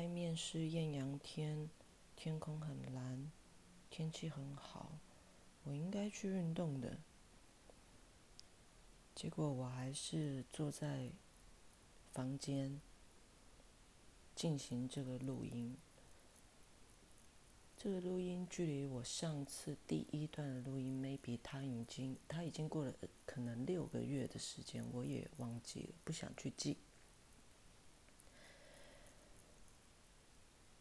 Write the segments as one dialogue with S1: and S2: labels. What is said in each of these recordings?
S1: 外面是豔陽天，天空很藍，天氣很好。我應該去運動的，結果我還是坐在房間進行這個錄音。這個錄音距離我上次第一段的錄音，maybe 它已經它已經過了可能六個月的時間，我也忘記了，不想去記。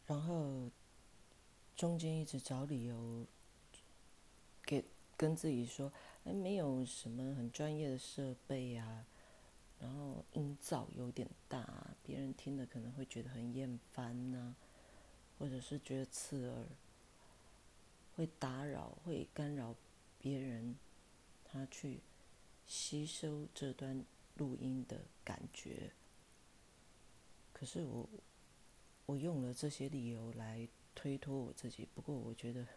S1: 然後，中間一直找理由，給跟自己說，哎，沒有什麼很專業的設備啊，然後音噪有點大，別人聽了可能會覺得很厭煩吶、啊，或者是覺得刺耳，會打擾、會干擾別人，他去吸收這段錄音的感覺。可是我。我用了這些理由來推脫我自己，不過我覺得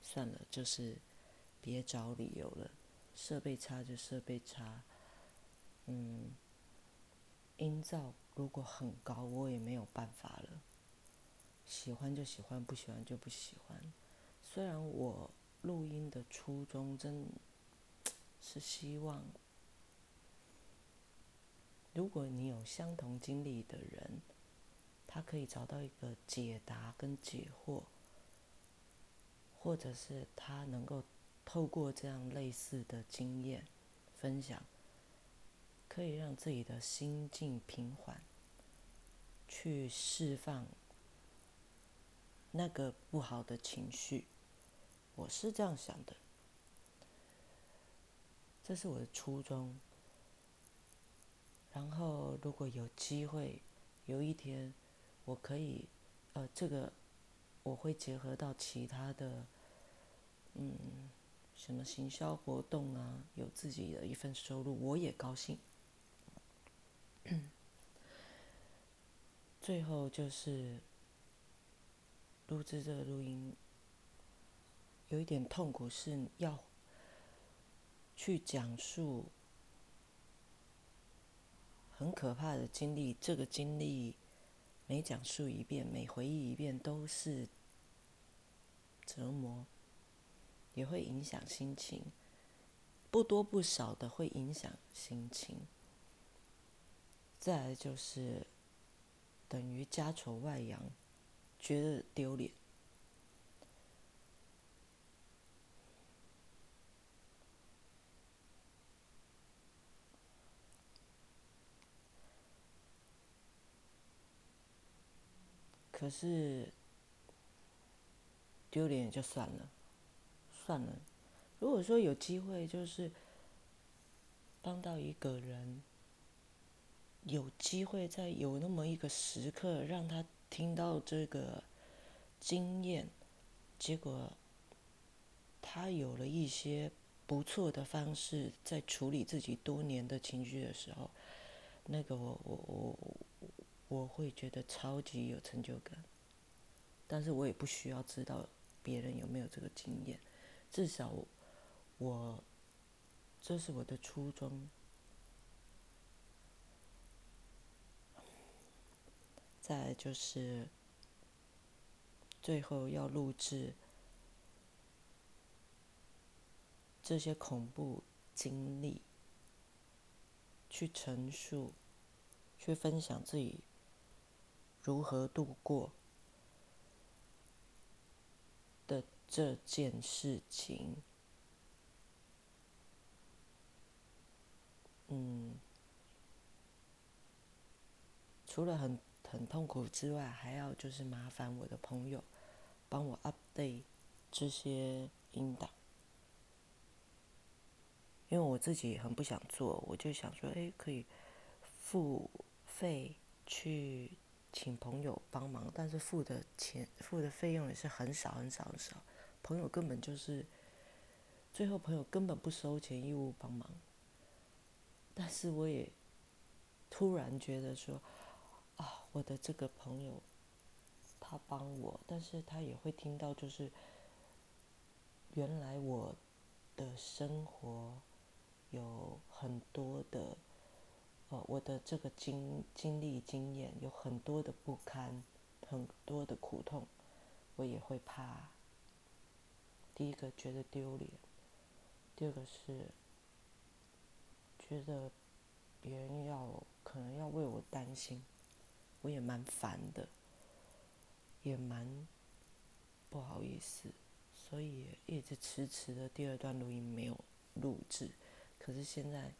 S1: 算了，就是別找理由了。設備差就設備差，嗯，音噪如果很高，我也沒有辦法了。喜歡就喜歡，不喜歡就不喜歡。雖然我錄音的初衷真是希望，如果你有相同經歷的人。他可以找到一個解答跟解惑，或者是他能夠透過這樣類似的經驗分享，可以讓自己的心境平緩，去釋放那個不好的情緒。我是這樣想的，這是我的初衷。然後，如果有機會，有一天。我可以，呃，這個我會結合到其他的，嗯，什麼行銷活動啊，有自己的一份收入，我也高興。 最後就是錄製這個錄音，有一點痛苦，是要去講述很可怕的經歷，這個經歷。每講述一遍，每回憶一遍，都是折磨，也會影響心情，不多不少的會影響心情。再來就是，等於家醜外揚，覺得丟臉。可是丟臉也就算了，算了。如果說有機會，就是幫到一個人，有機會在有那麼一個時刻，讓他聽到這個經驗，結果他有了一些不錯的方式，在處理自己多年的情緒的時候，那個我我我。我我會覺得超級有成就感，但是我也不需要知道別人有沒有這個經驗。至少我，我這是我的初衷。再就是最後要錄制這些恐怖經歷，去陳述，去分享自己。如何度過的這件事情？嗯，除了很很痛苦之外，還要就是麻煩我的朋友幫我 update 這些音檔，因為我自己很不想做，我就想說，誒，可以付費去。請朋友幫忙，但是付的錢、付的費用也是很少、很少、很少。朋友根本就是，最後朋友根本不收錢，義務幫忙。但是我也突然覺得說，啊，我的這個朋友，他幫我，但是他也會聽到，就是原來我的生活有很多的。呃，我的這個經經歷、經驗有很多的不堪，很多的苦痛，我也會怕。第一個覺得丟臉，第二個是覺得別人要可能要為我擔心，我也蠻煩的，也蠻不好意思，所以一直遲遲的第二段錄音沒有錄制，可是現在。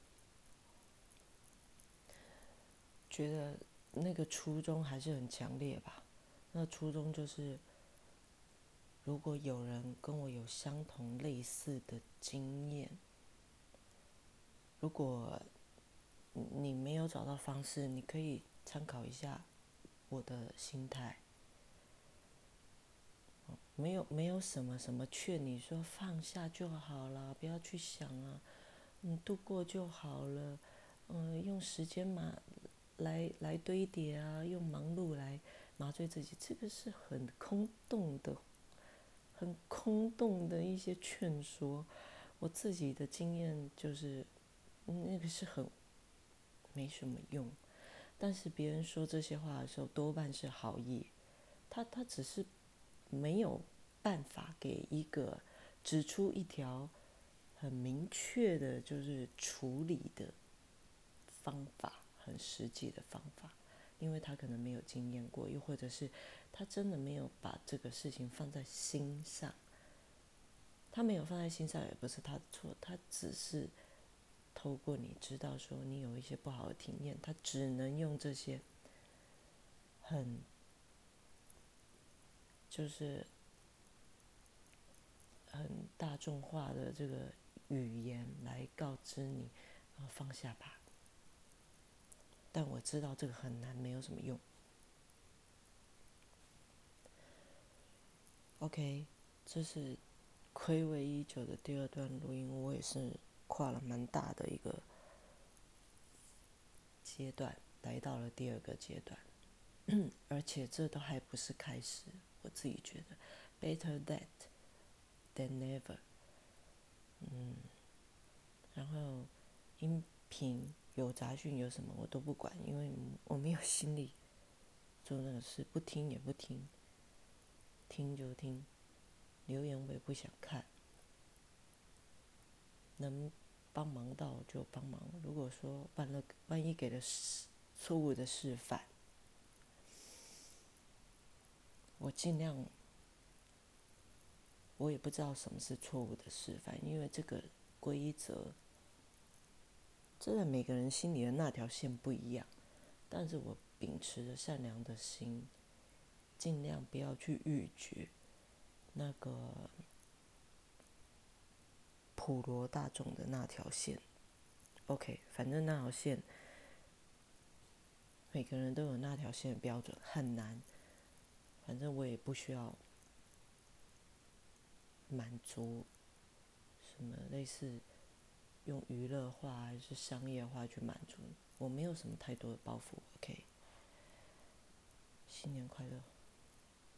S1: 我覺得那個初衷還是很強烈吧，那初衷就是，如果有人跟我有相同類似的經驗，如果你沒有找到方式，你可以參考一下我的心態。沒有沒有什麼什麼勸你說放下就好了，不要去想啊，嗯，度過就好了，嗯，用時間嘛。來來堆疊啊，用忙碌來麻醉自己，這個是很空洞的，很空洞的一些勸說。我自己的經驗就是，那個是很，沒什麼用。但是別人說這些話的時候，多半是好意。他他只是沒有辦法給一個指出一條很明確的，就是處理的方法。很實際的方法，因為他可能沒有經驗過，又或者是他真的沒有把這個事情放在心上。他沒有放在心上，也不是他的錯，他只是透過你知道說你有一些不好的體驗，他只能用這些很就是很大眾化的這個語言來告知你，然後放下吧。但我知道這個很難，沒有什麼用。OK，這是暌違已久的第二段錄音，我也是跨了蠻大的一個階段，來到了第二個階段， 而且這都還不是開始。我自己覺得，better late than never。嗯，然後音頻。有雜訊有什麼我都不管，因為我沒有心力做那個事。不聽也不聽，聽就聽，留言我也不想看。能幫忙到就幫忙。如果說萬了萬一給了錯誤的示範，我盡量。我也不知道什麼是錯誤的示範，因為這個規則。雖然每個人心裡的那條線不一樣，但是我秉持着善良的心，儘量不要去逾越那個普羅大眾的那條線。OK，反正那條線，每個人都有那條線的標準，很難。反正我也不需要滿足什麼類似。用娛樂化還是商業化去滿足？我沒有什麼太多的包袱。OK，新年快樂。